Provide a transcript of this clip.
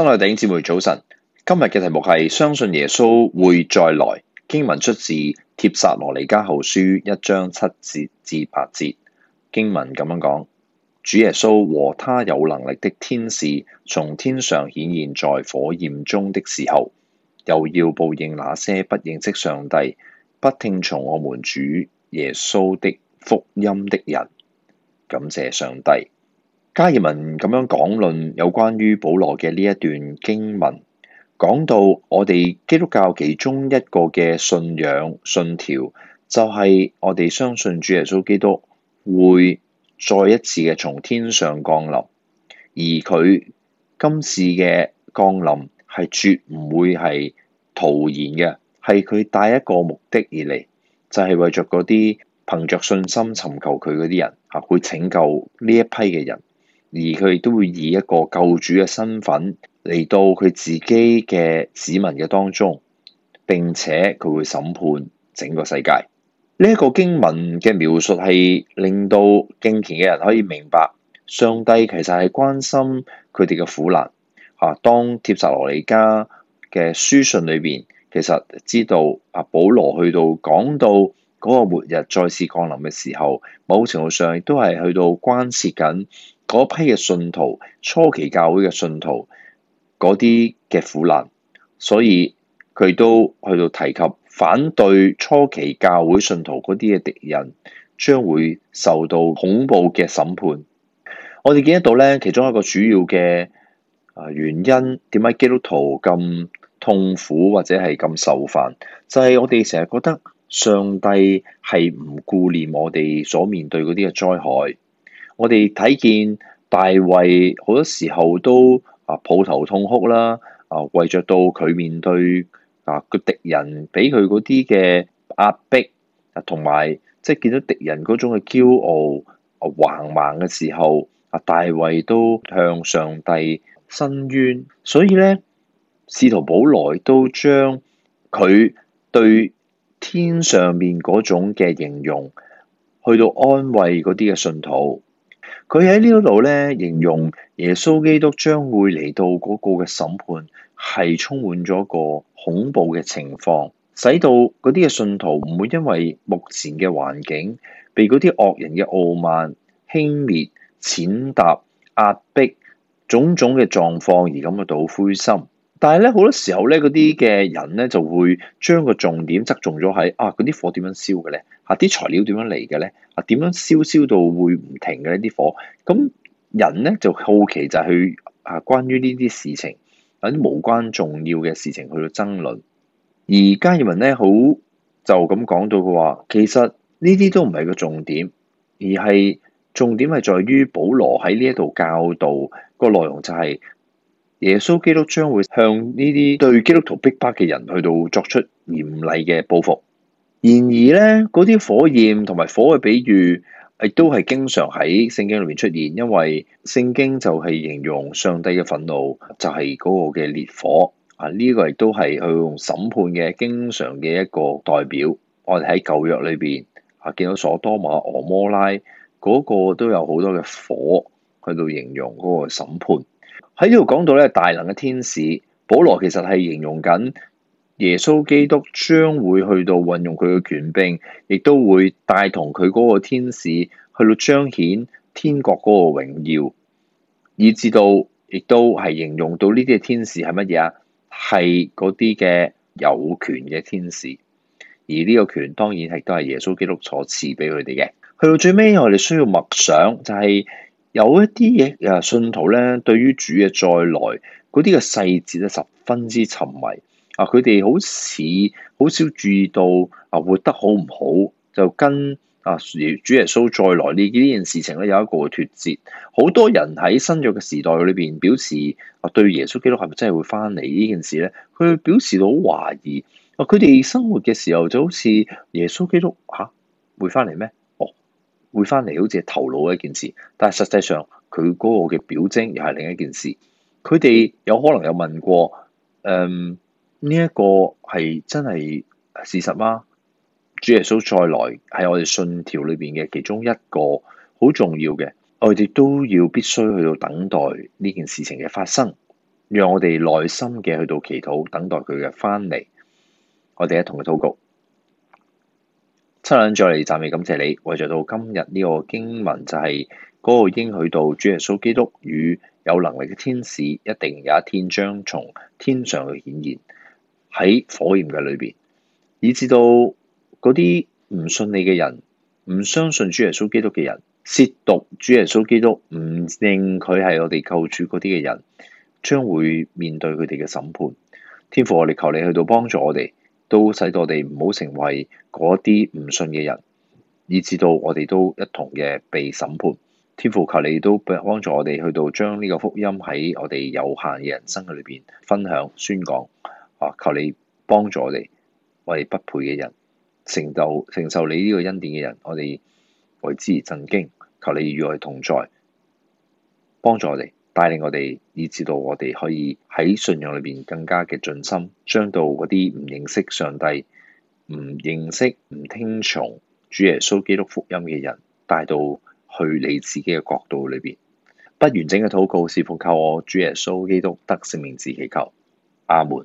親愛的姊妹早晨，今日嘅題目係相信耶穌會再來。經文出自《帖撒羅尼迦後書》一章七節至八節。經文咁樣講：主耶穌和他有能力的天使從天上顯現在火焰中的時候，又要報應那些不認識上帝、不聽從我們主耶穌的福音的人。感謝上帝。加爾文咁樣講論有關於保羅嘅呢一段經文，講到我哋基督教其中一個嘅信仰信條，就係、是、我哋相信主耶穌基督會再一次嘅從天上降臨，而佢今次嘅降臨係絕唔會係徒然嘅，係佢帶一個目的而嚟，就係、是、為著嗰啲憑着信心尋求佢嗰啲人吓，會拯救呢一批嘅人。而佢亦都會以一個救主嘅身份嚟到佢自己嘅子民嘅當中，並且佢會審判整個世界。呢、這、一個經文嘅描述係令到敬虔嘅人可以明白，上帝其實係關心佢哋嘅苦難。吓、啊，當帖撒羅尼加嘅書信裏邊，其實知道阿、啊、保羅去到講到嗰個末日再次降臨嘅時候，某程度上亦都係去到關切緊。嗰批嘅信徒，初期教會嘅信徒，嗰啲嘅苦難，所以佢都去到提及反對初期教會信徒嗰啲嘅敵人，將會受到恐怖嘅審判。我哋見得到咧，其中一個主要嘅啊原因，點解基督徒咁痛苦或者係咁受犯，就係、是、我哋成日覺得上帝係唔顧念我哋所面對嗰啲嘅災害。我哋睇見大衛好多時候都啊抱頭痛哭啦，啊為着到佢面對啊個敵人俾佢嗰啲嘅壓迫啊，同埋即係見到敵人嗰種嘅驕傲啊橫橫嘅時候，啊大衛都向上帝申冤。所以咧，使徒保羅都將佢對天上面嗰種嘅形容去到安慰嗰啲嘅信徒。佢喺呢度咧形容，耶穌基督將會嚟到嗰個嘅審判，係充滿咗個恐怖嘅情況，使到嗰啲嘅信徒唔會因為目前嘅環境，被嗰啲惡人嘅傲慢、輕蔑、踐踏、壓迫種種嘅狀況而感覺到灰心。但係咧，好多時候咧，嗰啲嘅人咧就會將個重點側重咗喺啊，嗰啲火點樣燒嘅咧？啊，啲材料點樣嚟嘅咧？啊，點樣燒燒到會唔停嘅呢啲火。咁，人咧就好奇就係去啊，關於呢啲事情，有啲無關重要嘅事情去到爭論。而加爾文咧好就咁講到嘅話，其實呢啲都唔係個重點，而係重點係在於保羅喺呢一度教導個內容就係、是。耶穌基督將會向呢啲對基督徒逼迫嘅人去到作出嚴厲嘅報復。然而呢，嗰啲火焰同埋火嘅比喻，亦都係經常喺聖經裏面出現，因為聖經就係形容上帝嘅憤怒就係嗰個嘅烈火啊。呢個亦都係去用審判嘅經常嘅一個代表。我哋喺舊約裏邊啊，見到所多瑪、俄摩拉嗰個都有好多嘅火去到形容嗰個審判。喺呢度講到咧大能嘅天使，保羅其實係形容緊耶穌基督將會去到運用佢嘅權柄，亦都會帶同佢嗰個天使去到彰顯天國嗰個榮耀，以至到亦都係形容到呢啲嘅天使係乜嘢啊？係嗰啲嘅有權嘅天使，而呢個權當然亦都係耶穌基督所賜俾佢哋嘅。去到最尾，我哋需要默想就係、是。有一啲嘢啊，信徒咧，對於主嘅再來嗰啲嘅細節咧，十分之沉迷啊！佢哋好似好少注意到啊，活得好唔好就跟啊主耶穌再來呢呢件事情咧有一個脫節。好多人喺新約嘅時代裏邊表示啊，對耶穌基督係咪真係會翻嚟呢件事咧？佢表示到好懷疑啊！佢哋生活嘅時候就好似耶穌基督嚇、啊、會翻嚟咩？會翻嚟好似係頭腦一件事，但係實際上佢嗰個嘅表徵又係另一件事。佢哋有可能有問過，嗯，呢一個係真係事實嗎？主耶穌再來係我哋信條裏邊嘅其中一個好重要嘅，我哋都要必須去到等待呢件事情嘅發生，讓我哋耐心嘅去到祈禱等待佢嘅翻嚟，我哋一同佢禱告。一兩再嚟，暫未感謝你，為咗到今日呢個經文就係嗰個應許到，主耶穌基督與有能力嘅天使，一定有一天將從天上去顯現，喺火焰嘅裏邊，以至到嗰啲唔信你嘅人，唔相信主耶穌基督嘅人，褻瀆主耶穌基督，唔認佢係我哋救主嗰啲嘅人，將會面對佢哋嘅審判。天父，我哋求你去到幫助我哋。都使到我哋唔好成為嗰啲唔信嘅人，以至到我哋都一同嘅被審判。天父，求你都幫助我哋去到將呢個福音喺我哋有限嘅人生嘅裏邊分享宣講。啊，求你幫助我哋，我哋不配嘅人，成就承受你呢個恩典嘅人，我哋為之震驚。求你與我同在，幫助我哋。帶領我哋，以至到我哋可以喺信仰裏邊更加嘅盡心，將到嗰啲唔認識上帝、唔認識、唔聽從主耶穌基督福音嘅人，帶到去你自己嘅國度裏邊。不完整嘅禱告，是否靠我主耶穌基督得聖名，自己求？阿門。